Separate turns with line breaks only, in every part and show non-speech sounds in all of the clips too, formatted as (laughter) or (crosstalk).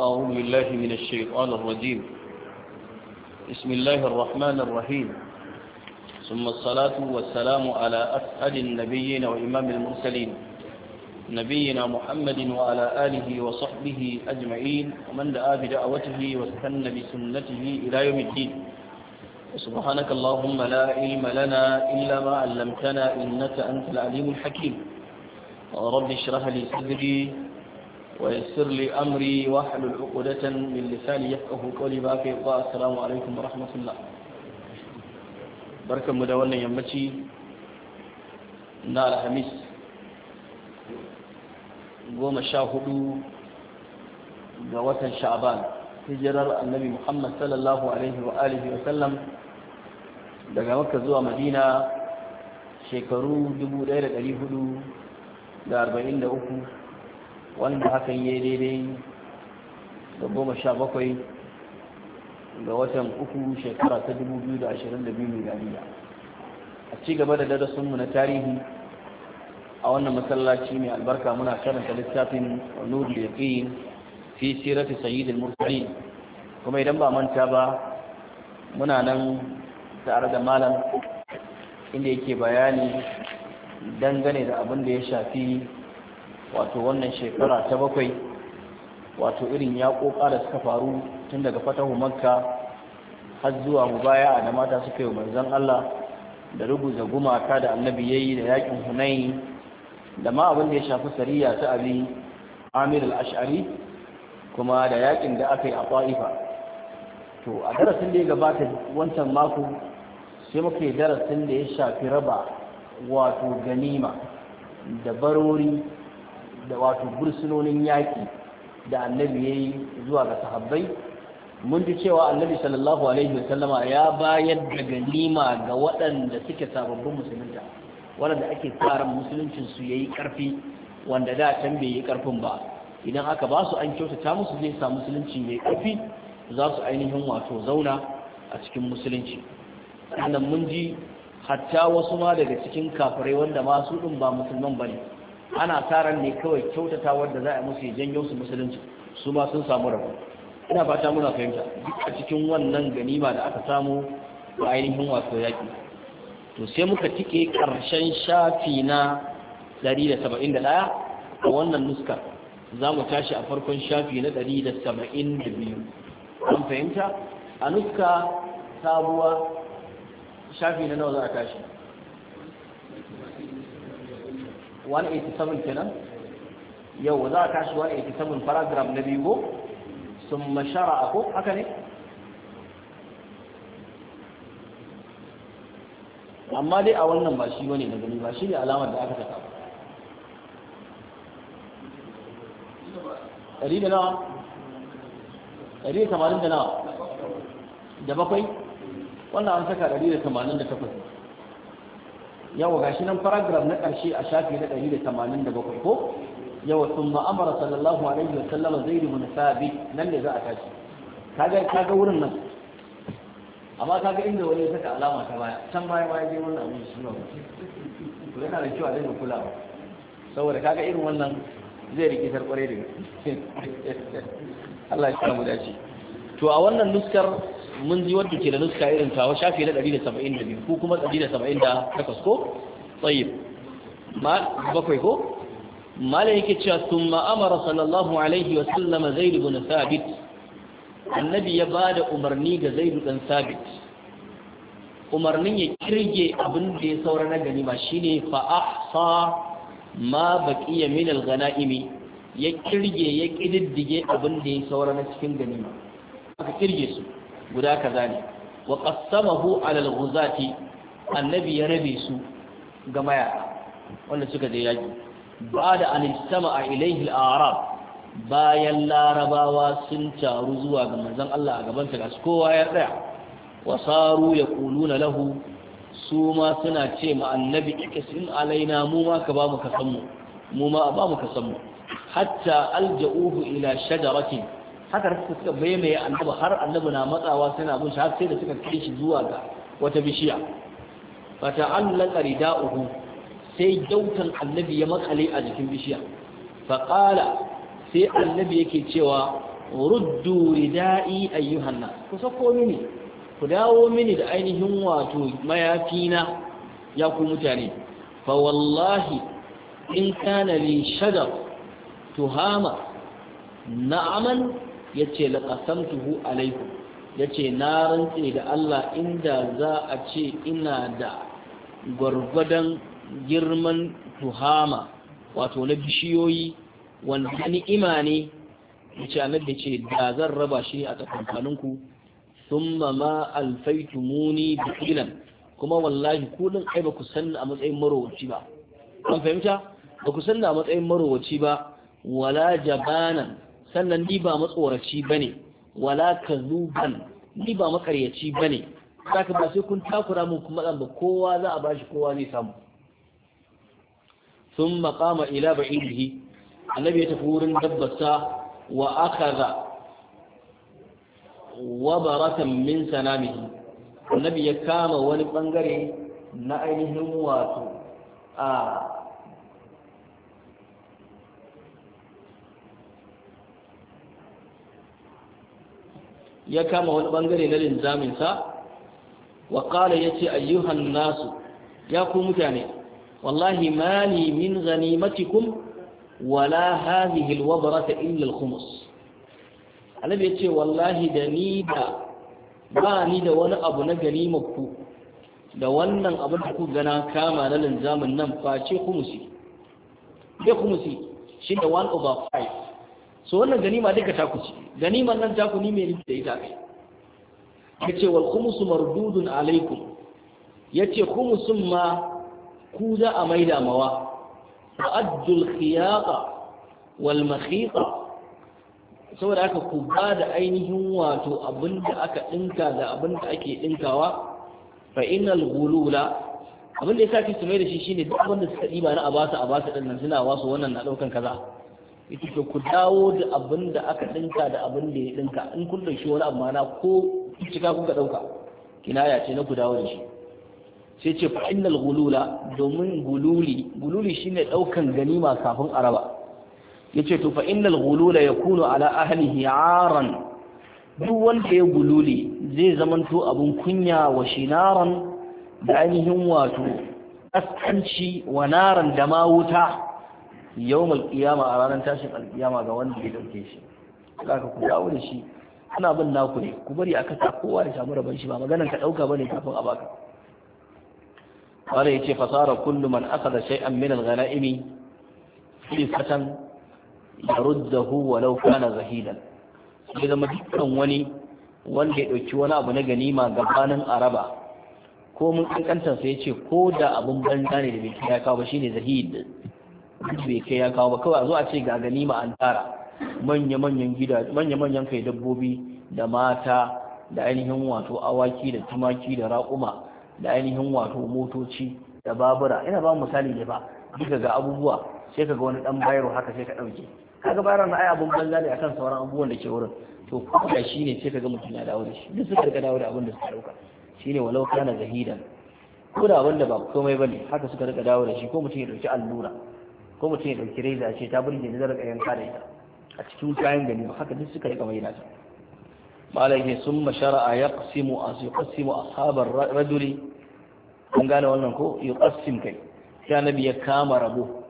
أعوذ بالله من الشيطان الرجيم بسم الله الرحمن الرحيم ثم الصلاة والسلام على أسعد النبيين وإمام المرسلين نبينا محمد وعلى آله وصحبه أجمعين ومن دعا بدعوته واستنى بسنته إلى يوم الدين سبحانك اللهم لا علم لنا إلا ما علمتنا إنك أنت العليم الحكيم رب اشرح لي صدري ويسر لي أمري واحلل عقدة من لساني يفقه قولي باقي السلام عليكم ورحمة الله بركة مدونة يمتي نار حميس قوم الشاهدو قوة شعبان hijirar annabi Muhammad sallallahu Alaihi wa alihi wa sallam daga makka zuwa madina shekaru 1443 wanda hakan yi daidai da goma sha bakwai ga watan uku shekara ta 2022 miliyariya a ci gaba da darasinmu na tarihi a wannan masallaci mai albarka muna karanta littafin nurul yaqin fi sirati sayidin mursalin kuma idan ba manta ba muna nan tare da malam inda yake bayani dangane da abin da ya shafi wato wannan shekara ta bakwai wato irin ya koka da suka faru tun daga fatahu makka har zuwa mubaya da mata suka yi manzon Allah da rubuza gumaka da annabi yayi da yakin hunayi da ma abin da ya shafi sariya ta abi amir al-ash'ari kuma da yakin da aka yi a ƙwa'ifa to a darasin da ya gabata wancan mako sai muka yi darasin da ya shafi raba wato ganima da barori da wato bursunonin yaƙi da annabi ya yi zuwa ga sahabbai mun ji cewa annabi sallallahu alaihi wasallama ya bayar da ganima ga waɗanda suke sababbin musulunta waɗanda ake tsarin musuluncin su yayi ƙarfi wanda da can bai yi ƙarfin ba idan aka ba su an kyautata musu zai sa musulunci mai ƙarfi za su ainihin wato zauna a cikin musulunci sannan mun ji hatta wasu ma daga cikin kafirai wanda ma su ɗin ba musulman ba ne ana taron ne kawai kyautata wanda za a musu ya janyo su musulunci su ma sun samu rabu ina fata muna fahimta duk a cikin wannan ganima da aka samu ba ainihin wato yaƙi to sai muka tike ƙarshen shafi na 171 a wannan nuska za mu tashi a farkon shafi na 172 an fahimta a nuska sabuwa shafi na nawa za a tashi 187 kenan yau za a tashi 187 paragraf na biyu ko sun mashara a ko haka ne amma dai a wannan ba shi wani na gani ba shi ne alamar da aka taka ɗari da nawa ɗari da tamanin da nawa da bakwai wannan an saka ɗari da tamanin da takwas yawa gashi nan paragraph na ƙarshe a shafi na 187 ko yawa sun ma'amara sallallahu alaihi wa sallama zai rubu na sabi nan ne za a tashi kaga kaga wurin nan amma kaga inda wani ya saka alama ta baya can baya baya je wannan abin shi ba ku yana da kyau a kula ba. saboda kaga irin wannan zai rikitar kwarai da gaske (laughs) Allah ya samu dace to a wannan nuskar mun ji wanda ke da nuska irin kawo shafi na 172 ko kuma 178 ko tsayyib ma bakwai ko mala yake cewa thumma amara sallallahu alaihi wa sallama zai zaid na thabit annabi ya ba da umarni ga zaid dan thabit umarnin ya kirge abin da ya saura na ganima shine fa ahsa ma baqiya min al-ghanaimi ya kirge ya kididdige abin da ya saura na cikin ganima aka kirge su guda kaza ne wa qassamahu ala al annabi ya rabe su ga mayaka wanda suka je yaki ba'da an istama'a a al-arab bayan larabawa sun taru zuwa ga manzon Allah a gaban ta kowa ya tsaya wa saru yaquluna lahu su ma suna ce ma annabi ikisin alaina mu ma ka bamu ka san mu mu ma ka san mu hatta alja'uhu ila shajaratin haka suka suka mai annabi har annabi na matsawa suna bin shi har sai da suka kai shi zuwa ga wata bishiya fa ta'allaqa rida'uhu sai dautan annabi ya makale a jikin bishiya fa qala sai annabi yake cewa ruddu rida'i ayyuhan nas ku sako mini ku dawo mini da ainihin wato mayafina ya ku mutane fa wallahi in kana li shadar tuhama na'aman yace ce laƙasamtuhu alaikum yace na rantse da Allah inda za a ce ina da gwargwadon girman tuhama wato na bishiyoyi wanda ni'ima ne ya ce ce da zan raba shi a tsakankaninku thumma ma alfaitumuni da ilan kuma wallahi ku ai ba ku sanna a matsayin marowaci ba an fahimta ba ku sanna a matsayin marowaci ba wala jabanan sannan ni ba matsoraci ba ne, wala ka zuban ni ba makaryaci bane ka ba sai kun takura mun kuma ɗan ba kowa za a bashi kowa zai samu Sun makama ila ba'idihi annabi ya tafi wurin dabbasa wa akaza wabaratan min sanamihi annabi ya kama wani bangare na ainihin wato a ya kama wani bangare na linzamin sa wa qala yace ayyuhan nasu ya ku mutane wallahi mali min ghanimatikum wala hadhihi alwadrata illa alkhumus annabi ce, wallahi da ni da ba ni da wani abu na ganimar ku da wannan abin da ku gana kama na linzamin nan face khumusi bai shi shine one over 5 so wannan ganima duka taku ce ganiman nan taku ni mai rikita ita kai yace wal khumsu mardudun alaikum yace khumsun ma ku za a maida mawa fa'addul khiyaqa wal makhiqa saboda aka ku ba da ainihin wato abinda aka dinka da abinda ake dinkawa fa innal ghulula abinda yasa kike mai da shi shine duk wanda suka diba na abasa abasa din nan suna wasu wannan na daukan kaza yace to ku dawo da abin da aka dinka da abin da ya dinka in kun dauki wani amma na ko cika kuka dauka ya ce na ku dawo da shi sai ce fa innal gulula domin gululi gululi shine daukan ganima kafin araba yace to fa innal gulula yakunu ala ahlihi aran duk wanda ya gululi zai zamanto abun kunya wa shinaran da ainihin wato askanci wa naran da ma wuta yawmal qiyama a ranar tashin alkiyama ga wanda ya dauke shi kaka ku dawo da shi ana bin naku ne ku bari a kasa kowa da samu rabon shi ba maganar ka dauka bane kafin a baka wanda yace fasara kullu man akhadha shay'an min al-ghanaimi fisatan yaruddahu walau kana zahidan sai zama dukkan wani wanda ya dauki wani abu na ganima gabanin araba ko mun kankantar sai yace ko da abun banza ne da bai kaya ba shine zahid duk bai kai ya kawo ba kawai a zo a ce ga ganima an tara manya-manyan gida manya-manyan kai dabbobi da mata da ainihin wato awaki da tumaki da raƙuma da ainihin wato motoci da babura ina ba misali ne ba duka ga abubuwa sai ka ga wani dan bayarwa haka sai ka ɗauke kaga bayarwa na ai abun banza ne akan sauran abubuwan da ke wurin to kuma shi ne sai ka ga mutum ya dawo da shi duk suka riga dawo da abin da suka ɗauka shine walau kana zahidan ko da wanda ba komai bane haka suka riga dawo da shi ko mutum ya dauki allura ko mutum ya ɗauki reza ce ta burge ni zara ƙayan kare ta a cikin kayan gani haka duk suka yi kamar yana ta malai ne sun mashara'a ya ƙasimu a su ƙasimu a sabar Raduli. kun gane wannan ko ya ƙasim kai sai annabi ya kama rabo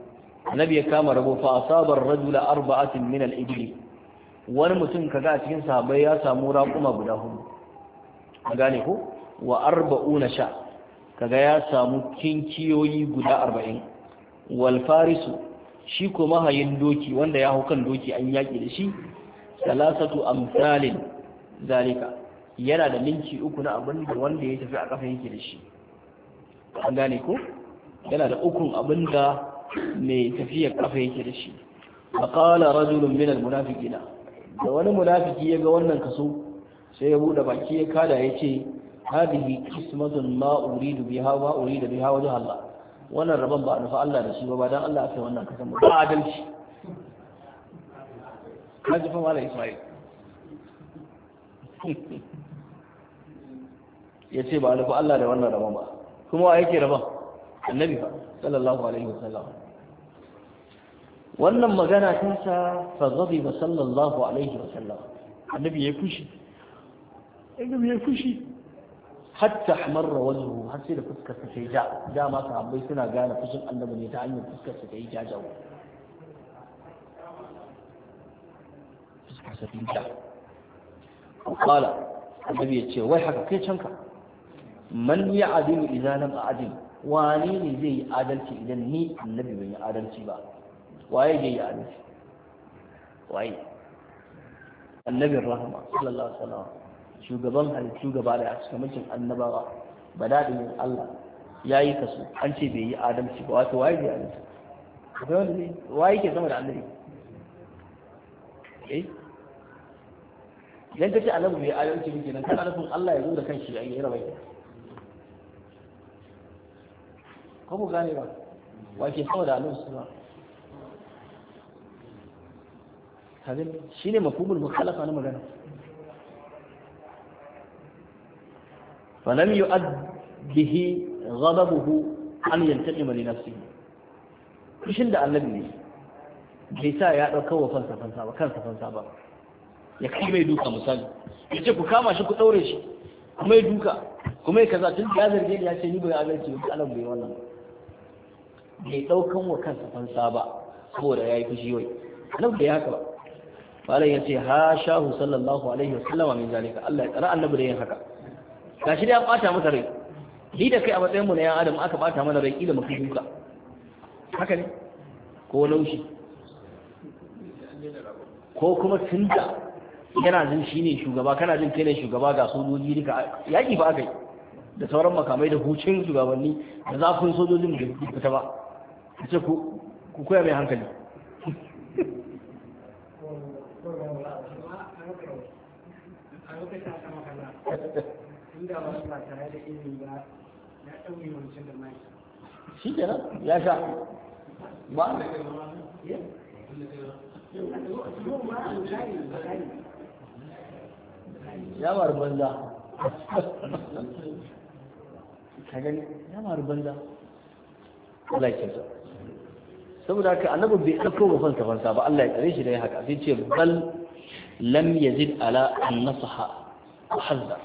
annabi ya kama rabo fa asabar rajula arba'atin min al-ibli wani mutum kaga a cikin sahabbai ya samu raƙuma guda hudu gane ko wa arba'una sha kaga ya samu kinkiyoyi guda arba'in wal farisu shi ko mahayin doki wanda ya hau kan doki an yaki da shi salasatu amsalin zalika yana da linki uku na abin da wanda ya tafi a kafa yake da shi an gane ko yana da ukun abin da mai tafiya kafa yake da shi faqala rajulun min almunafiqina da wani munafiki ya ga wannan kaso sai ya bude baki ya kada ya ce hadihi qismatun ma uridu biha wa uridu biha wajh Allah wannan rabon ba a nufa Allah da shi ba ba don Allah aka yi wannan kasan ba adalci na ji fama da Ismail (laughs) ya ce ba a nufa Allah da wannan rabon ba kuma wa yake rabon annabi ba sallallahu alaihi wasallam wannan magana ta sa fa zabi ba sallallahu alaihi wasallam annabi ya fushi annabi ya fushi حتى احمر وجهه هل سيدة فسكة ستيجا جاء ما تعبي سنة قال فشل أن من يتعني فسكة ستيجا جاو فسكة ستيجا قال النبي يتشير ويحكا كي تشنكا من يعدل إذا لم أعدل واني زي عدلت إذا ني النبي من يعدلت با وأي جي عدلت وأي النبي الرحمة صلى الله عليه وسلم shugaban halittu gaba da shugabancin annabawa ba daɗin Allah ya yi kaso an ce bai yi adalci ba wato waye bai adalci waye ke sama da annabi eh idan ka ce annabi bai adalci ba kenan kan alfin Allah ya zo da kanshi ya yi rabai ko ku gane ba wake sama da annabi su ba kaga shine mafhumul mukhalafa na magana falam yu'ad bihi ghadabuhu an yantaqima li nafsihi kishin da annabi ne bai sa ya dauka wa kansa fansa kansa fansa ya kai mai duka misali ya ce ku kama shi ku ɗaure shi kuma ya duka kuma ya kaza tun ya zarge ni ya ce ni bai adalci ba alam bai wannan bai ɗaukan wa kansa fansa ba saboda yayi fushi wai annabi bai haka ba malam ya ce ha shahu sallallahu alaihi wasallama min zalika Allah ya tsara annabi da yin haka gashi da ya bata masa rai ni da kai a matsayin mu na yan adam aka bata mana rai ila muka duka haka ne ko laushi ko kuma tunda yana jin shi ne shugaba kana jin kai ne shugaba ga sojoji duka yaki ba kai? da sauran makamai da hucin shugabanni da zafin sojojin da ta ba ce ku koya mai hankali da ba suna tare da ilimi ba ya ɗauke wancan da mai shi ke nan ya sha ba da ya mara banza ka gani ya mara banza Allah ya sa saboda haka annabi bai ɗauko wa kansa fansa ba Allah ya tsare shi da ya haka sai ce bal lam yazid ala an nasaha wa hazzar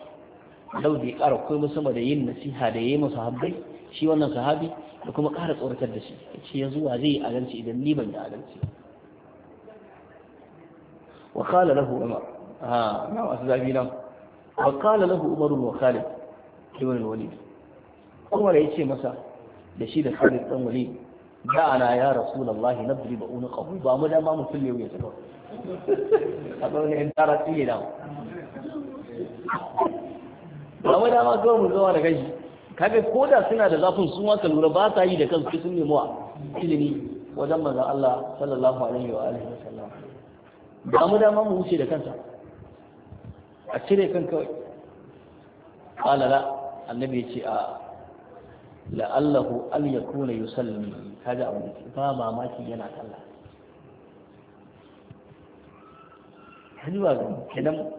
لو دي قارو كوي مسمى دي ينسي هذا يي مصاحبي شي وانا صحابي لكم قارة قارة كدسي شي يزوى زي أغنسي إذا لي بني أغنسي وقال له عمر ها آه، ما أسلاقي نعم وقال له عمر وخالد حيوان الوليد أول إيشي مسا لشيد خالد طن وليد جاءنا يا رسول الله نضرب أونقه بامدا ما مسلم يوم يتبع هذا هو الانتارات فيه ba dama kawai mu zama da kanshi kaga ko da suna da zafin sun ma ka lura ba sa yi da kansu sun nemi ilimi wajen manzon Allah sallallahu alaihi wa alihi wasallam ba mu dama mu wuce da kansa a cire kan kawai qala la annabi ce a la'allahu an yakuna yusalli kaga abu ba mamaki yana sallah kenan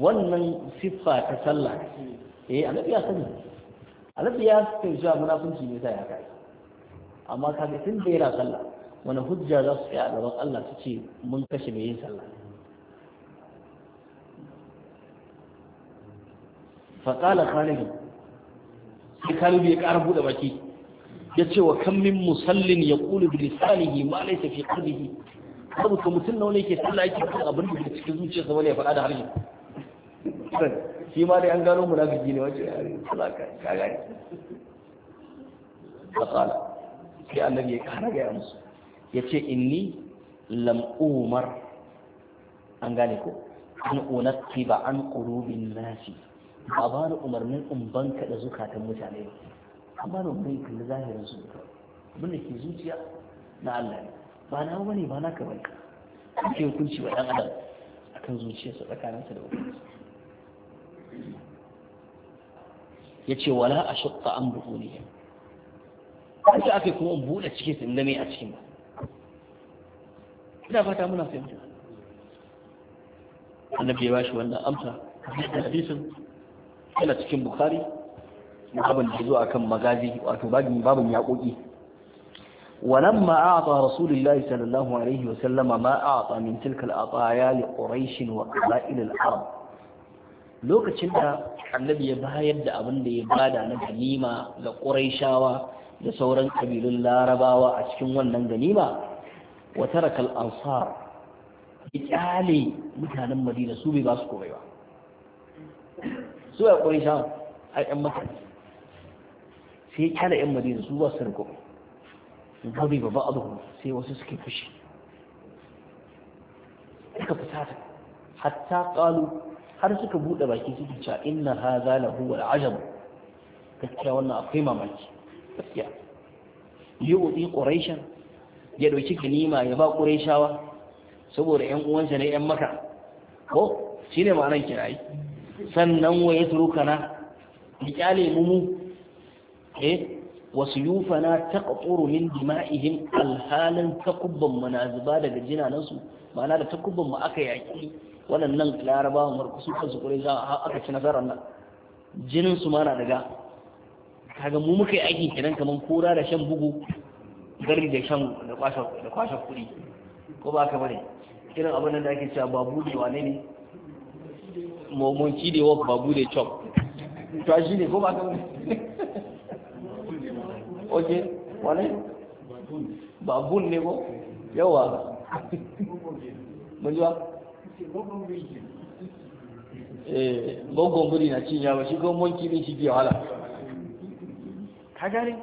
wannan siffa ta sallah eh annabi ya sani annabi ya kai zuwa munafunci ne sai ya kai amma kaga tun da yana sallah wani hujja za su tsaya a gaban Allah su ce mun kashe mai yin sallah faƙala kalibi sai kalibi ya ƙara bude baki ya ce wa kan min musallin ya ƙulu bi lisanihi ma laysa fi qalbihi babu ka mutum nawa ne ke sallah yake kan abin da cikin zuciyarsa wani ya faɗa da harshe kiran shi ma dai an gano munafiki ne wace yare salaka ka gani fasala sai annabi ya kara gaya musu ya ce inni lam umar an gane ko an unatti ba an qulubin nasi ba ba da umarnin in banka da zukatan mutane ba an ba da umarnin kalli zahirin su abin abinda ke zuciya na Allah ne ba na ne ba na ka ake kake hukunci wa ɗan adam akan zuciyarsa tsakaninsa da ubangiji ya ce wala a shakka an buɗu ne ya ce aka kuma buɗe cikin sun dame a cikin ba ina fata muna fahimta annabi ya bashi wannan amsa a hadisin yana cikin bukari na abin da zuwa kan magazi wato babin babin yaƙoƙi ولما أعطى رسول الله صلى الله عليه وسلم ما أعطى من تلك العطايا لقريش وقبائل العرب lokacin da annabi ya bayar da abin da ya bada na ganima ga ƙuraishawa da sauran ƙabilun larabawa a cikin wannan ganima wa tarakal ansar ya kyale mutanen madina su bai ba su komai ba su ya ƙuraishawa a ƴan mutane sai ya kyale ƴan madina su ba su da komai gabi ba ba abu sai wasu suke fushi suka fusata hatta ƙalu har suka buɗe baki suke cewa inna hadha lahu wal ajab gaskiya wannan akwai mamaki gaskiya yu'ti quraishan ya dauki ganima ya ba quraishawa saboda 'yan uwansa ne 'yan maka ko shine ma'anar kirayi sannan wa yatrukana bi kyale mu mu eh wasyufana taqturu min dima'ihim alhalan takubban munaziba daga jinanansu ma'ana da takubban mu aka yaƙi waɗannan larabawa markusu kansu kure za a aka ci nasarar nan jinin su mana daga kaga mu muka yi aiki kenan kaman kura da shan bugu gari da shan da kwashe kuɗi ko ba ka bane irin abin da ake cewa babu da wane ne momonci da wa babu da chop to shi ne ko ba ka bane (laughs)
oke wane
babun ne ko yawa (laughs) mun ji ba eh gogon buri na cin yawa shi gon monki din shi biya hala ka gane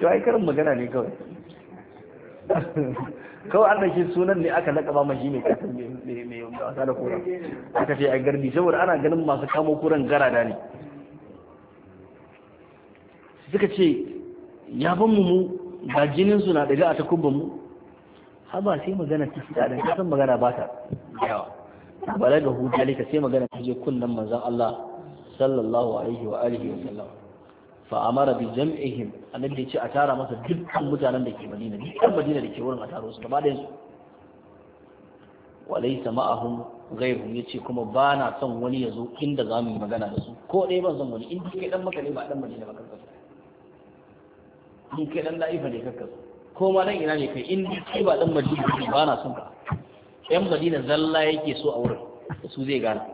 to ai karin magana ne kawai kawai an dake sunan ne aka lakaba mashi mai kasar mai wasa da kura aka ce a garbi saboda ana ganin masu kamo kuran garada ne suka ce ya ban mu ba jinin su na daga a takubban mu har ba sai magana ta fita dan kasan magana ba ta yawa bala ga hujja lika sai magana ta je kunnan manzon Allah sallallahu alaihi wa alihi wa sallam fa amara bi jam'ihim annabi ya ce a tara masa dukkan mutanen da ke Madina dukkan Madina da ke wurin a taro su gaba da su walaysa ma'ahum ghayruhum yace kuma ba na son wani ya zo inda zamu magana da su ko dai ban son wani in kai dan maka ne ba dan Madina ba kanka in kai dan laifa ne kakka ko ma dan ina ne kai in kai ba dan madina ba na son ka yan madina zalla yake so a wurin da su zai gana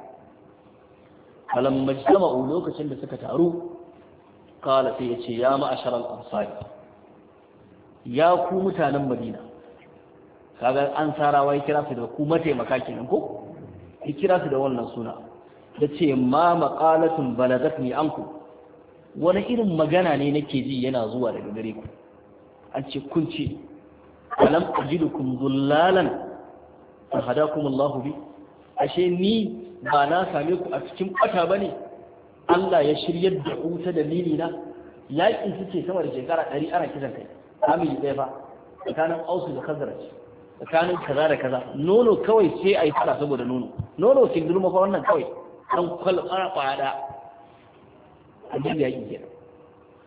falam majtama'u lokacin da suka taru kala sai ya ce ya ma'ashar al ansar ya ku mutanen madina kaga an sara wai kira su da ku mataimaka kenan ko ki kira su da wannan suna da ce ma maqalatun baladatni anku wani irin magana ne nake ji yana zuwa daga gare ku an ce kun ce alam ajidukum dhullalan fa hadakum Allahu bi ashe ni ba na same ku a cikin kwata ne? Allah ya shirya da ku ta dalili na yaƙin su ce sama da shekara ɗari ana kisan kai amiri ɗaya fa tsakanin ausu da khazraj tsakanin kaza da kaza nono kawai sai a yi saboda nono nono sai durma fa wannan kawai dan kwal kwada annabi ya yi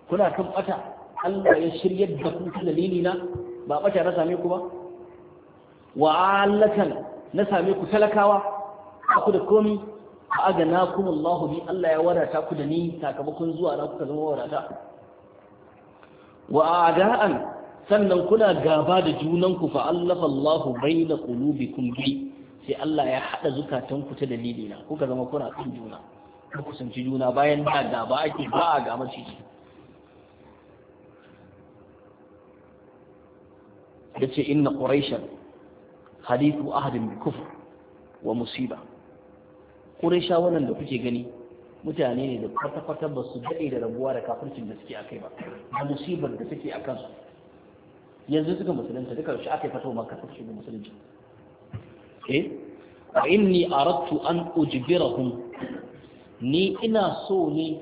kuna kan bata Allah ya shiryar da ku ta dalili na ba bata na same ku ba wa allatan na same ku talakawa ku da komi fa aganakum Allah bi Allah ya wadata ku da ni sakamakon zuwa na kuka zama warata? wa a'da'an sannan kuna gaba da junanku fa allafa Allah baina qulubikum bi sai Allah ya hada zukatanku ta dalili na kuka zama kuna kan juna ka kusanci juna bayan da gaba ake ba a ga maciji da ce inna ƙuraishar hadithu ahadin kufu wa musiba ƙuraisha wannan da kuke gani mutane ne da kwata-kwata ba su daɗe da rabuwa da kafircin da suke a kai ba da musibar da suke a kansu yanzu suka musulunta duka shi aka yi fata maka kafirci da musulunci eh A inni aradtu an ujbirahum ni ina so ne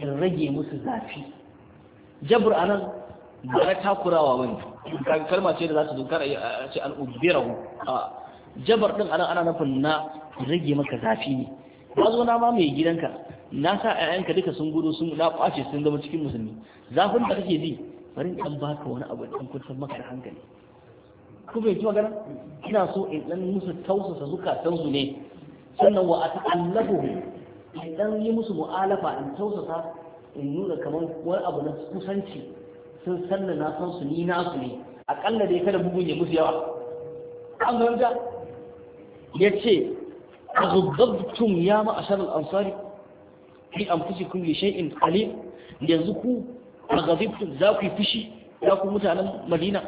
in rage musu zafi jabr anan ba na takurawa wani kalma ce da za su dokar a ce al'ubirahu a jabar din anan ana nufin na rage maka zafi ne ba zo na ma mai gidanka na sa ayyanka duka sun gudu sun na kwace sun zama cikin musulmi zafin da kake ji bari in baka wani abu in kuntar maka da hankali ku bai ji magana ina so in dan musu tausasa zukatan su ne sannan wa ata'allahu Idan yi musu mu'alafa in tausasa in nuna kamar wani abu na kusanci sun sanna na san su ni nasu ne akalla dai kada bugun ya musu yawa an ganga ya ce azubbabtum ya ma'ashar al'ansari fi anfusikum li shay'in qalil yanzu ku aghadibtum za ku yi fushi ya ku mutanen Madina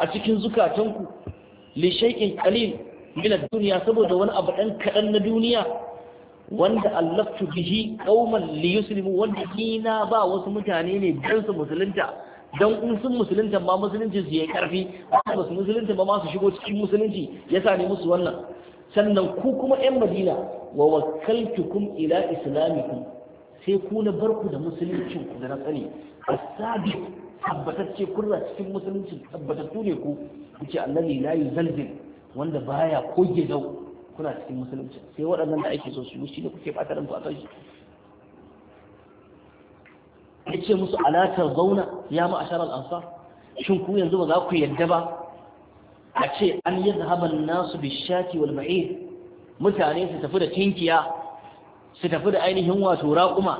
a cikin zukatanku li shay'in qalil duniya saboda wani abu dan kaɗan na duniya wanda allaftu bihi qauman li yuslimu wanda kina ba wasu mutane ne dan su musulunta dan in sun musulunta ma musulunci su yi karfi ba su musulunta ba ma su shigo cikin musulunci yasa ne musu wannan sannan ku kuma yan madina wa wakkaltukum ila islamikum sai ku na barku da musuluncin ku da na tsani asabi tabbatacce kurra cikin musulunci tabbatattu ne ku kuce allazi la yuzalzil wanda baya koge dau kuna cikin musulunci sai waɗannan da ake so su yi shi ne kuke ɓata ranku a kai shi ya ce musu alatar zauna ya ma'ashar al'ansar shin ku yanzu ba za ku yadda ba a ce an yi zahaban nasu bishaki wal ma'ir mutane su tafi da tinkiya su tafi da ainihin wato raƙuma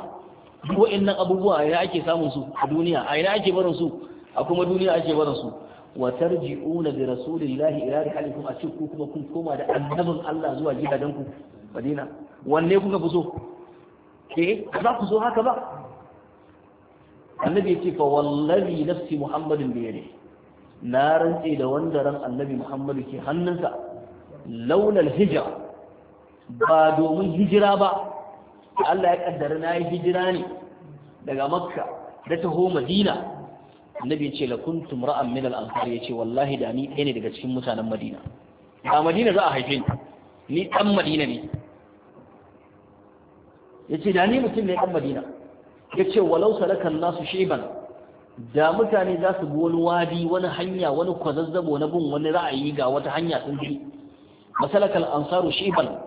duk wa'annan abubuwa a ina ake samun su a duniya a ina ake barin su a kuma duniya ake barin su wa tarji'una bi rasulillahi ila rihalikum a cikin kuma kun koma da annabin Allah zuwa gidajenku Madina wanne kuka fi so za eh, ku so haka ba annabi ce fa wallahi nafsi muhammadin bi yadihi na rantse da wanda ran annabi muhammadu ke hannunsa laulal hijra ba domin hijira ba Allah ya kaddara na yi hijira ne daga makka da taho madina annabi ya ce la kuntum ra'an min al ansar ya ce wallahi da ni ɗaya ne daga cikin mutanen madina a madina za a haife ni ni dan madina ne ya ce da ni mutum ne dan madina ya ce walau sarakan nasu sheban da mutane za su bi wani wadi wani hanya wani kwazazzabo na bin wani ra'ayi ga wata hanya sun fi masalakal ansaru sheban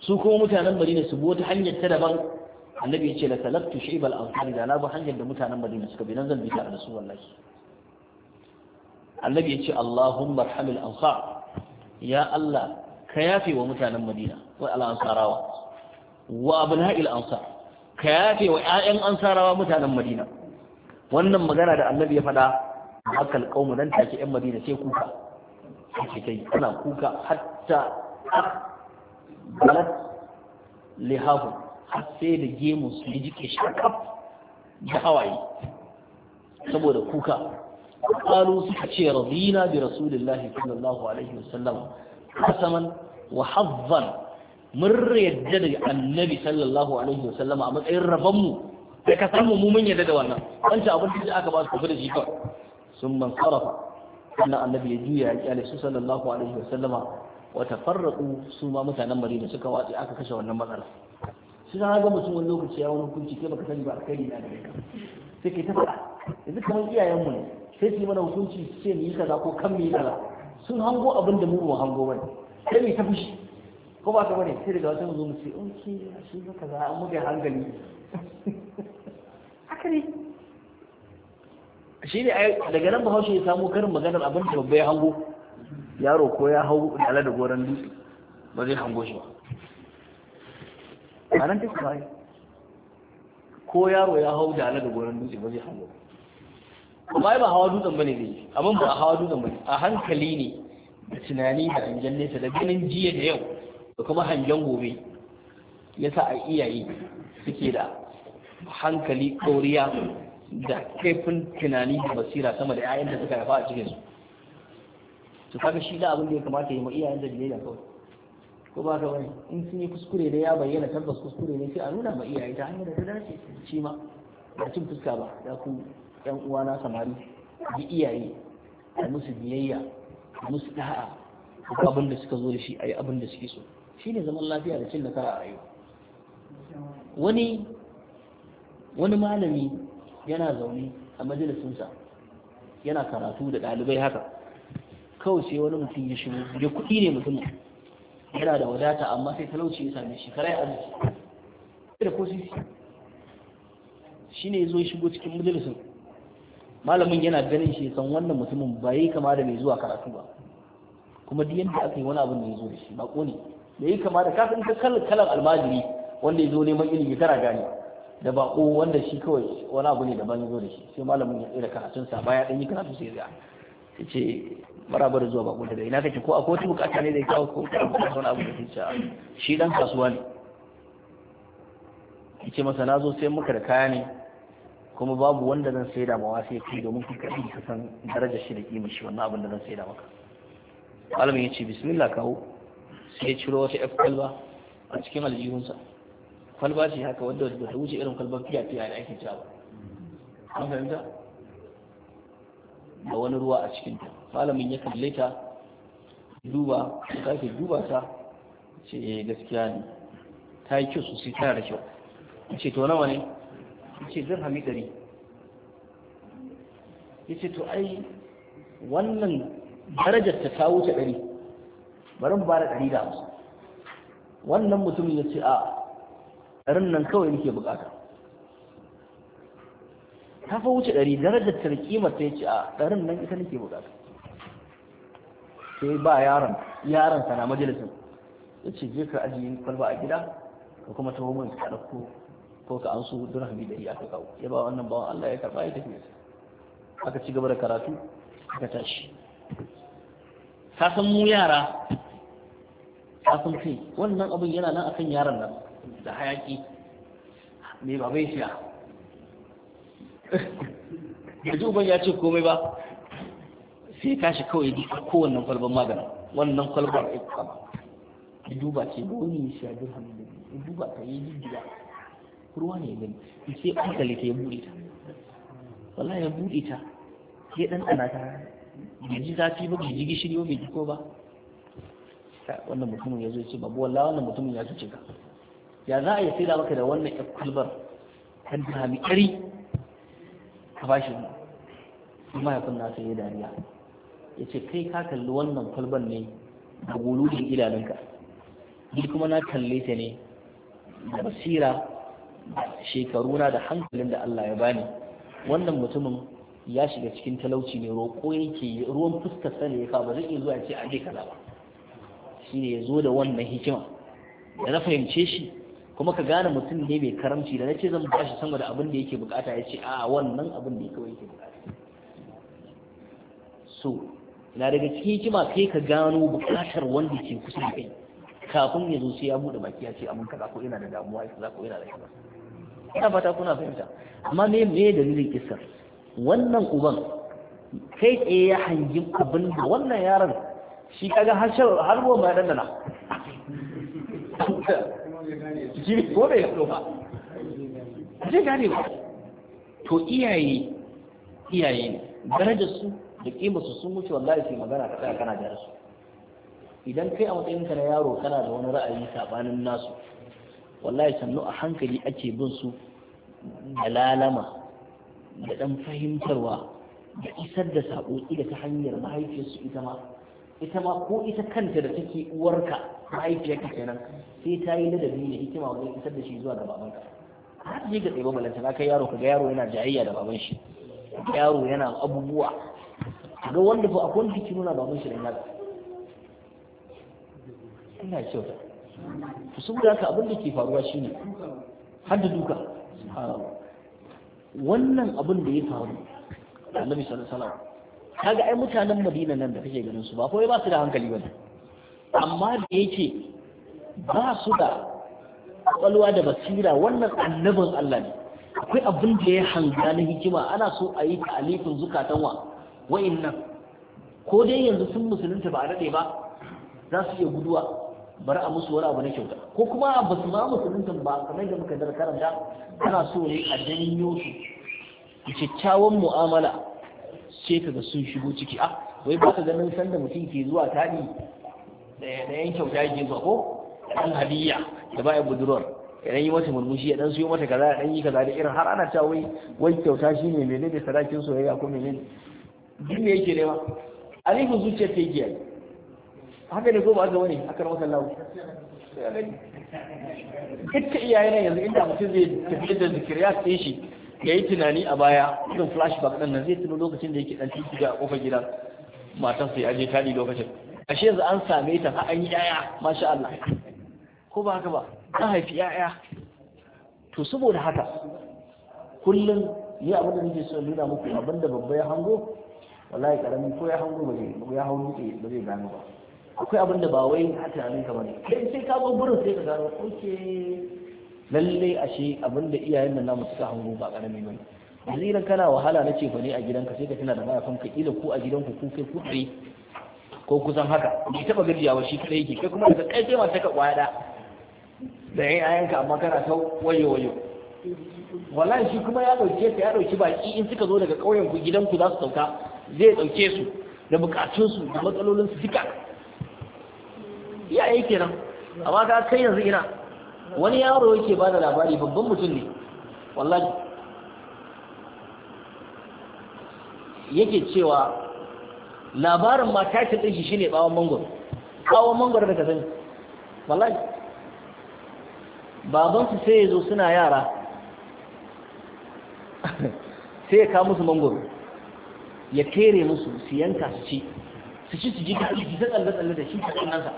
su kuma mutanen madina su bi wata hanyar ta daban annabi ya ce la talaktu al ansari da na bi hanyar da mutanen madina suka bi nan zan bi ta da su wallahi annabi ya ce allahumma arhamil ansar ya allah ka yafe wa mutanen madina wa al ansarawa wa abna'il ansar ka yafe wa ƴaƴan ansarawa mutanen madina wannan magana da annabi ya faɗa hakal qaumu nan take ƴan madina sai kuka sai kai ana kuka hatta balat lihafu har sai da gemun su ya jike shakaf da hawaye saboda kuka qalu suka ce radina bi rasulillahi sallallahu alaihi wasallam qasaman wa hazzan mun yadda da annabi sallallahu alaihi wasallam a matsayin rabon mu da ka samu mu mun yadda da wannan wancan abin da aka ba su da shi sun man sarrafa wannan annabi ya juya ya kyale su sallallahu alaihi wasallama wa tafarraqu su ma mutanen Madina suka watsi aka kashe wannan matsalar. shi na ga mutum wani lokaci ya wani hukunci kai baka sani ba kai na da ka sai kai ta faɗa yanzu kamar mu ne sai su yi mana hukunci su ce mu yi kaza ko kan mu yi kaza sun hango abin da mu ba hango bane sai mu ta fushi ko ba ka bane sai daga wata mu zo mu ce in oh, ke shi ba kaza an muka hankali (laughs) haka ne shi ne daga nan bahaushe ya samu karin maganar abin da babba ya hango yaro ko ya hau da ala da goron dutse ba zai hango shi ba a nan take ba ko yaro ya hau da ala da gonar dutse ba zai hau amma ba hawa dutsen bane ne abin ba hawa dutsen bane a hankali ne da tunani da hangen nesa da ganin jiya da yau da kuma hangen gobe ya sa a iyaye suke da hankali koriya da kaifin tunani da basira sama da 'ya'yan da suka haifa a cikin su kaga shi da abin da ya kamata ya ma iyayen da biyayya kawai ko ba ka wani in sun yi kuskure da ya bayyana tabbas kuskure ne sai a nuna ma iyaye ta hanyar da ta dace shi ma ba cin fuska ba da ku yan uwana samari bi iyaye a musu biyayya a musu da'a ko abin da suka zo da shi a yi abin da suke so Shi ne zaman lafiya da cin nasara a rayuwa wani wani malami yana zaune a majalisinsa yana karatu da ɗalibai haka kawai sai wani mutum ya shigo da kuɗi ne mutumin yana da wadata amma sai talauci ya same shi kare arziki da ko sisi shine zo shigo cikin majalisin malamin yana ganin shi san wannan mutumin ba yi kama da mai zuwa karatu ba kuma duk yadda aka yi wani abin da ya zo da shi bako ne da yi kama da kafin ka kalan kalan almajiri wanda ya zo neman ilimi kana gane da bako wanda shi kawai wani abu ne daban ya zo da shi sai malamin ya tsira karatunsa baya ɗan yi karatu sai ya ta ce maraba da zuwa bako daga ina kake ko a kotu bukata ne da kawo ko wani abu da ta shi dan kasuwa ne ya ce masa na zo sai muka da kaya ne kuma babu wanda zan sai da mawa sai kai domin kuka yi ka san darajar shi da kima shi wannan abin da zan sai da maka malamin ya ce bismillah kawo sai ya ciro wata yar kwalba a cikin aljihunsa kwalba ce haka wadda ba ta wuce irin kwalbar fiya fiya da ake cewa an fahimta da wani ruwa a cikinta malamin ya kalle ta duba ya sake duba ta ce eh gaskiya ne ta yi kyau sosai ta da kyau ce to nawa ne ce hami ɗari ya ce to ai wannan darajar ta kawo ta ɗari Barin ba da ɗari da wannan mutumin ya ce a ɗarin nan kawai nake bukata ta fa wuce ɗari darajar ta kima ta ce a ɗarin nan ita nake buƙata. sai ba yaron yaron sana majalisin ce je ka ajiye kwalba a gida ka kuma ta min ka ɗauko ko ka an su dirhami ɗari aka kawo ya ba wannan bawan Allah ya karɓa ya tafi aka ci gaba da karatu aka tashi ka san mu yara ka san kai wannan abin yana nan akan yaran nan da hayaki me babai shi siya yanzu ban ya ce komai ba sai tashi kawai ji a kowannan kwalban magana wannan kwalbar ya ba ya duba ce ba wani ya sha dirham da ya duba ta yi jijjiga ruwa ne ya gani ya ce hankali ta ya buɗe ta wala ya buɗe ta ya ɗan ana ta ya ji zafi ba ya ji gishiri ba bai ji ko ba wannan mutumin ya zo ya ce babu wala wannan mutumin ya cuce ka ya za a yi sai da maka da wannan kwalbar kan hami ɗari ka bashi ya mahaifin nasa ya dariya ya ce kai ka kalli wannan kwalban ne da gulubin idanunka ni kuma na kalli ta ne da basira shekaruna da hankalin da Allah ya bani wannan mutumin ya shiga cikin talauci ne roƙo yake ruwan fuskar sa ne ba zai iya zuwa ce a je kaza ba shi ne ya zo da wannan hikima da na fahimce shi kuma ka gane mutum ne mai karamci da nace zan bashi sama da abin da yake bukata ya ce a wannan abin da kawai yake bukata so na daga cikin hikima kai ka gano bukatar wanda ke kusa da kai kafin ya zo sai ya bude baki ya ce amin kaza ko ina da damuwa kaza ko ina da kaza ina fata kuna fahimta amma me me dalilin kisar wannan uban kai tsaye ya hangi abin da wannan yaron shi kaga har har goma ya dandana shi ne ko bai gano ba jin gane ba to iyaye iyaye ne darajar su da kima su sun wuce wallahi sai magana ka tsaya kana da su idan kai a matsayin ka na yaro kana da wani ra'ayi sabanin nasu wallahi sannu a hankali ake bin su da lalama da dan fahimtarwa da isar da sako da ta hanyar mahaifiyarsu ita ma ita ma ko ita kanta da take uwarka mahaifiyarka kenan sai ta yi ladabi ne hikima wajen isar da shi zuwa ga ka. har je ga tsaye balanta na kai yaro kaga yaro yana jayayya da baban shi yaro yana abubuwa ga wanda fa akwai wanda ke nuna baban shi da yana ina kyauta to saboda haka abin da ke faruwa shine har da duka wannan abin da ya faru da annabi sallallahu alaihi wasallam kaga ai mutanen madina nan da kake ganin su ba kawai ba su da hankali ba amma da yake ba su da kwalwa da basira wannan annabin Allah ne akwai abin da ya hanga na hikima ana so a yi ta'alifin zukatan wa wa'innan ko dai yanzu sun musulunta ba a daɗe ba za su iya guduwa bari a musu wani abu na kyauta ko kuma ba su ma musulunta ba kamar da muka dar karanta ana so ne a janyo su kyakkyawan mu'amala sai da sun shigo ciki a ah, wai ba ka ganin sanda mutum ke zuwa tadi da yanayin kyauta yake zuwa ko da ɗan hadiyya da baya budurwar ya dan yi mata murmushi ya dan yi mata kaza ya dan yi kaza da irin har ana ta wai wai kyauta mene da sadakin soyayya ko menene duk me yake nema alifin zuciyar ta yi haka ne ko ba haka wani wata rawakan lawo dukkan iyayen yanzu inda mutum zai tafi da zikiriyat ɗin shi ya yi tunani a baya irin flashback ɗin nan zai tuno lokacin da yake ɗan titi a ƙofar gida matan sai aje tali lokacin ashe yanzu an same ta ha an yi yaya masha Allah ko ba haka ba an haifi yaya to saboda haka kullum ni abin da nake so nuna muku abin da babba ya hango wallahi karamin ko ya hango ba zai ya hango ba zai gano ba akwai abin da ba wai a tunanin ka bane kai sai ka ga burin sai ka gano okay lalle ashe abinda iyayen nan namu suka hango ba karami bane yanzu idan kana wahala na ce ne a gidanka sai ka tana da mayafan ka kila ku a gidanku ku kai ku tsaye ko kusan haka bai taba ba shi kadai yake kai kuma daga kai sai ma saka kwada da yayin ayanka amma kana ta wayo wayo wallahi shi kuma ya dauke ta ya dauki baki in suka zo daga kauyen ku gidan ku za su sauka zai dauke su da bukatun su da matsalolin su duka iyaye kenan amma ka kai yanzu ina wani yaro yake ba da labari babban mutum ne wallahi yake cewa labarin ma tashin ɗin shi shine bawon mangoro bawon mangoro da ka sani wallahi babansu sai ya zo suna yara (laughs) sai ya kawo musu mangoro ya kere musu su yanka su ci su ci su ji kaɗi su tsalle-tsalle da shi ta sa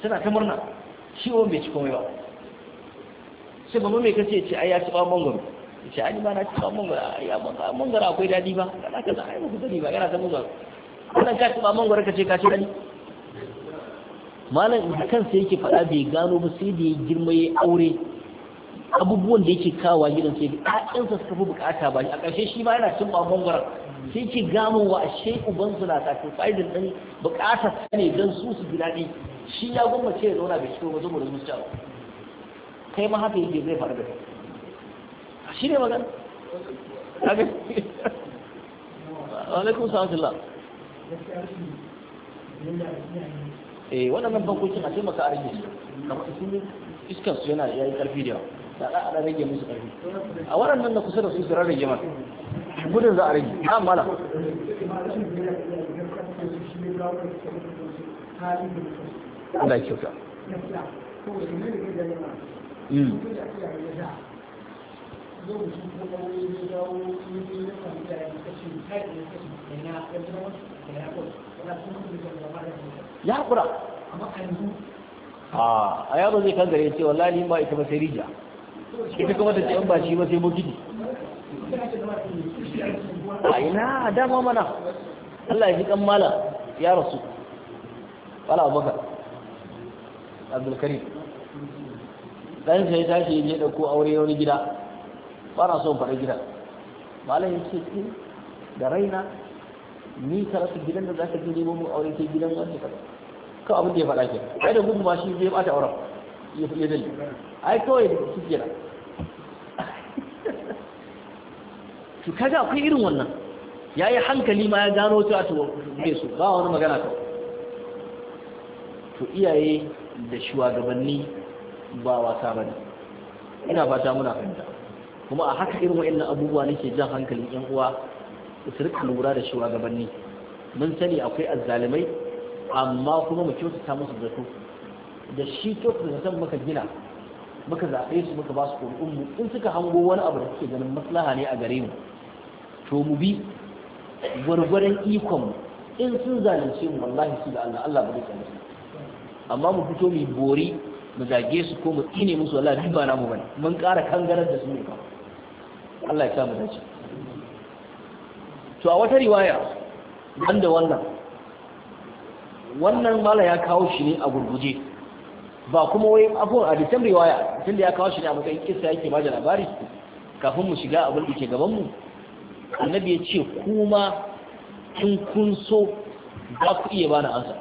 suna ta murna shi bai ci komai ba sai mama me kace ce ai ya ci ba mangoro ce ai ba na ci ba mangoro ai ya ba mangoro akwai dadi ba kana ka za ai ba dadi sani ba yana ta mangoro wannan ka ci ba mangoro kace ka ci dadi malam da kansa yake fada bai gano ba sai da ya girma ya aure abubuwan da yake kawo gidan sai sa suka fi bukata ba a ƙarshe shi ma yana cin ba mangoro sai ke gamowa a shi ubansu na sacrificing din bukatar ne dan su su ji daɗi shi ya gwamnati ya zauna bai ba zo mu da musu ba kai ma haka yake zai faru da kai shi ne magana kaga alaikum salam eh waɗannan bankokin a taimaka a rage su kamar ne iskan su yana yayi karfi da yawa da za rage musu karfi a waɗannan na kusa da su su rage mana gudun za a rage na mala Allah ya kyauta ya haƙura ah, a yaro zai kan gare ce wallahi ba ita ba sai rija ita kuma ta ce in ba shi ba sai bokiti a ina dama mana Allah ya fi kan mala ya rasu wala abubakar abdulkarim dan sai tashi je da ko aure wani gida ba na son fara gida malam yace ki eh, da raina ni karatu gidan da zaka je mu aure sai gidan wani ka ka abin da ya faɗa ke kai da gudu ma shi zai bata aure. ya fi yadda ai kawai su kenan (laughs) to kaga akwai irin wannan yayi hankali ma ya gano a to bai so ba wani magana ka. to iyaye da shugabanni ba wasa ba ne ina fata muna fahimta kuma a haka irin wa'annan abubuwa nake jan hankalin yan uwa su rika lura da shi gabanni. mun sani akwai azzalimai amma kuma mu kyautata musu zato da shi kyautata zaton muka gina muka zaɓe su muka ba su mu. in suka hango wani abu da suke ganin maslaha ne a gare mu to mu bi gwargwaron ikonmu in sun zalunce mu wallahi su da Allah Allah ba zai amma mu fito mu bori mu zage su ko mu tsine musu wallahi duk (laughs) ba namu bane mun ƙara kangarar da su ne ba Allah ya sa mu dace to a wata riwaya banda wannan wannan mala ya kawo shi ne a gurguje ba kuma wai abubuwan a dukkan riwaya tun da ya kawo shi ne a matsayin kisa yake ba da labari kafin mu shiga abin da ke gaban mu, annabi ya ce kuma in kun so za ku iya bani ansa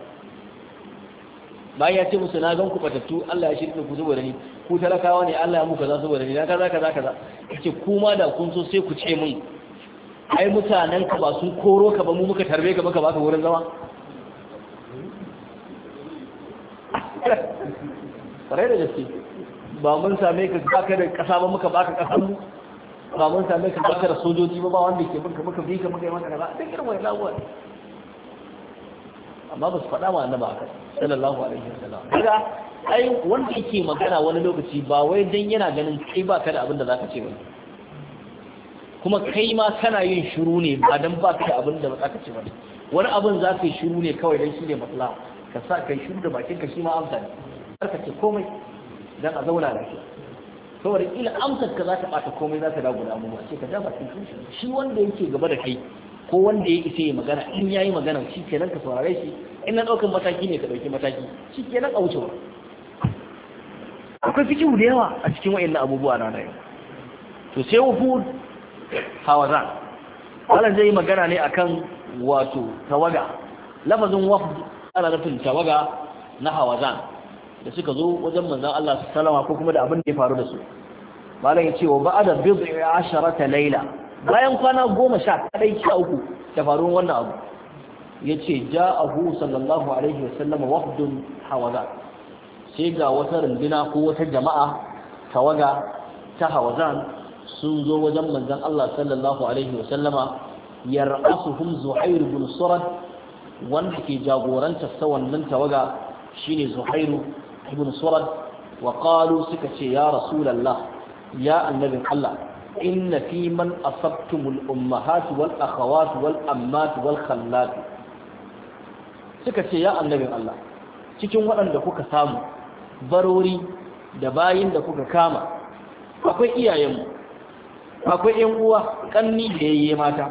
bayan ya ce musu na gan ku batattu Allah ya shirka ku saboda ni ku talakawa ne Allah ya muka za saboda ni na kaza kaza kaza yace ku ma da kun so sai ku ce min ai mutanen ka ba sun koro ka ba mu muka tarbe ka muka baka wurin zama Kare da gaske ba mun same ka baka da ƙasa ba muka baka ƙasar mu ba mun same ka baka da sojoji ba ba wanda ke bin muka bi ka muka yi maka kaza duk irin wani labuwa amma ba su faɗa ma annaba kai sallallahu alaihi wasallam kaga ai wanda yake magana wani lokaci ba wai dan yana ganin kai ba ka da abin da zaka ce ba. kuma kai ma kana yin shiru ne ba dan ba ka da abin da zaka ce ba. wani abin za ka yi shiru ne kawai dan shi ne matsala ka sa kai shiru da bakin ka shi ma amsa ne kar ka ce komai dan a zauna shi saboda ila amsar ka za ta bata komai za ta dagula mu ba ce ka da bakin shi wanda yake gaba da kai ko wanda ya isa ya magana in ya yi magana shi kenan ka saurare shi in na ɗaukan mataki ne ka ɗauki mataki shi kenan a wucewa akwai fikihu da yawa a cikin wa'in abubuwa na rayu to sai wufud hawazan alan zai yi magana ne akan wato tawaga lafazin wafd ana nufin tawaga na hawaza da suka zo wajen manzan Allah su salama ko kuma da abin da ya faru da su malam ya ce wa ba'ada bid'i 10 layla bayan kwana goma sha kadai sha uku da faruwar wannan abu ya ce ja ahu sallallahu alaihi wasallama hawaza sai ga wata rundina ko wata jama'a tawaga ta hawazan sun zo wajen manzon Allah sallallahu alaihi wasallama yar'asuhum zuhair bin surad wanda ke jagoranta sa wannan tawaga shine zuhairu ibn surad wa qalu suka ce ya rasulullah ya annabin Allah inna fi man asabtumul ummahat wal akhawat wal ammat wal khallat suka ce ya annabi Allah cikin waɗanda kuka samu barori da bayin da kuka kama akwai iyayenmu akwai ƴan uwa ƙanni da yayye mata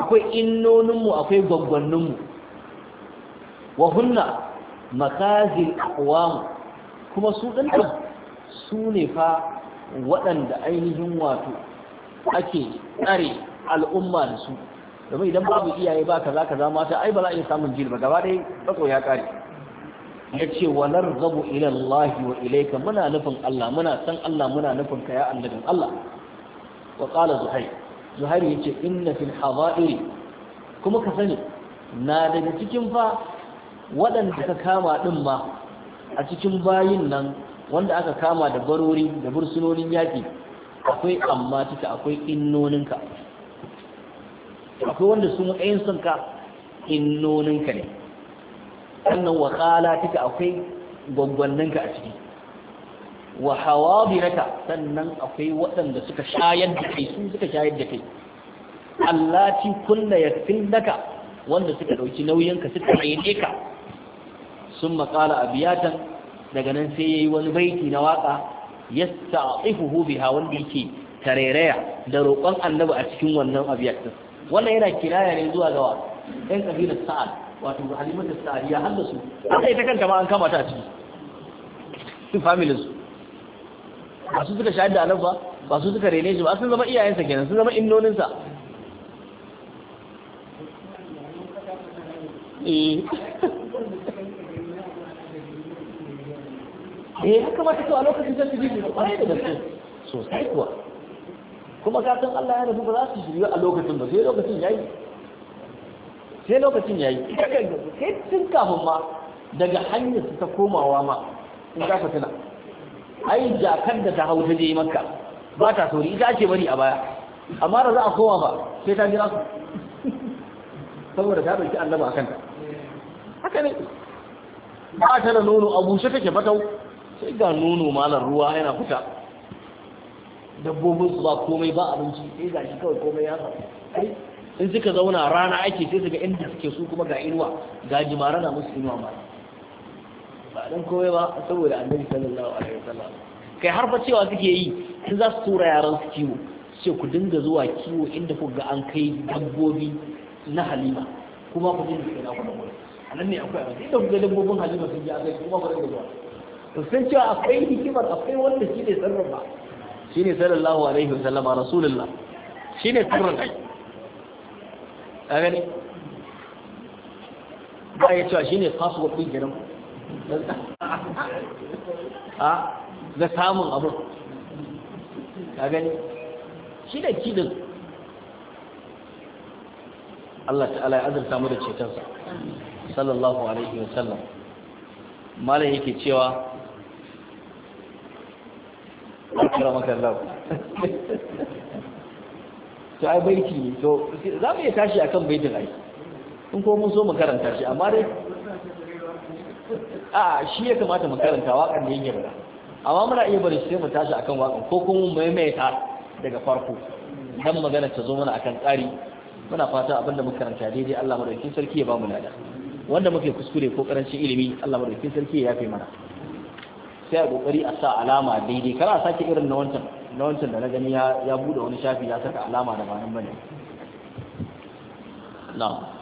akwai innoninmu akwai gwaggwanninmu wa hunna makazil aqwam kuma su dinnan su ne fa waɗanda ainihin wato ake tsare al'umma da su domin idan babu iyaye ba kaza kaza mata ai ba za a iya samun jil ba gaba dai tsatso ya ƙare. ya ce wa narzabu ila Allah wa ilaika muna nufin Allah muna san Allah muna nufin ka ya annabin Allah wa qala zuhair zuhair yace inna fil hadairi kuma ka sani na daga cikin fa waɗanda ka kama din ma a cikin bayin nan wanda aka kama da barori da bursunonin yaƙi akwai amma tuka akwai innoninka akwai wanda su matsayin ka innoninka ne sannan wakala tuka akwai gwaggwanninka a ciki wa hawabiraka sannan akwai waɗanda suka shayar da kai sun suka shayar da kai allati kunna yakfilnaka wanda suka dauki nauyinka suka raine ka sun maƙala abiyatan daga nan sai yayi wani baiti na waka yasta'tifuhu biha wanda yake tarereya da roƙon annabi a cikin wannan abiyat din wannan yana kiraya ne zuwa ga ɗan kabilar sa'ad wato halimar da sa'adiya har da su aka yi ta kanta ma an kama ta a ciki su familin su ba su suka shahada nan ba ba su suka rene shi ba sun zama iyayensa kenan sun zama innoninsa eh eh ya kamata to a lokacin da su ji kwarai da gaske sai kuwa kuma ka san Allah ya rabu ba za su shirya a lokacin ba sai lokacin yayi sai lokacin yayi sai tun kafin ma daga hanyar su ta komawa ma in ka fitina ai jakar da ta hau ta je makka ba ta sauri ita ake bari a baya amma da za a kowa ba sai ta jira su saboda ta dauki annaba a kanta haka ne ba ta da nono a bushe take fatau sai ga nuno malar ruwa yana fita dabbobin su ba komai ba abinci sai ga shi kawai komai ya samu in suka zauna rana ake sai su ga inda suke su kuma ga inuwa ga jimara na musu inuwa ba ba dan komai ba saboda annabi sallallahu alaihi wasallam kai har fa cewa suke yi sun za su tura yaran su kiwo sai ku dinga zuwa kiwo inda ku ga an kai dabbobi na halima kuma ku dinga kai na ku da wuri a nan ne akwai abin da ku ga dabbobin halima sun ji a kai kuma ku dinga zuwa to san cewa akwai hikimar akwai wanda shine sirrin ba shine sallallahu alaihi wa sallama rasulullah shine sirrin kai ne? ba ya cewa shine password din gidan (laughs) a da samun abu a gani shi da kidin Allah ta'ala ya azurta mu da cetonsa sallallahu alaihi wa malai malam yake cewa akara makallau to ai baiti ne to za mu iya tashi akan baitin ai in ko mun so mu karanta shi amma dai a shi ya kamata mu karanta waƙar da yake bada amma muna iya bari sai mu tashi akan waƙar ko kuma mu maimaita daga farko dan magana ta zo mana akan tsari muna fata abinda muka karanta daidai Allah madaukakin sarki ya ba mu lada wanda muke kuskure ko karancin ilimi Allah madaukakin sarki ya yafe mana sai a kokari a sa alama daidai kana sake irin na wancan na wancan da na gani ya bude wani shafi ya saka alama da ba nan bane na'am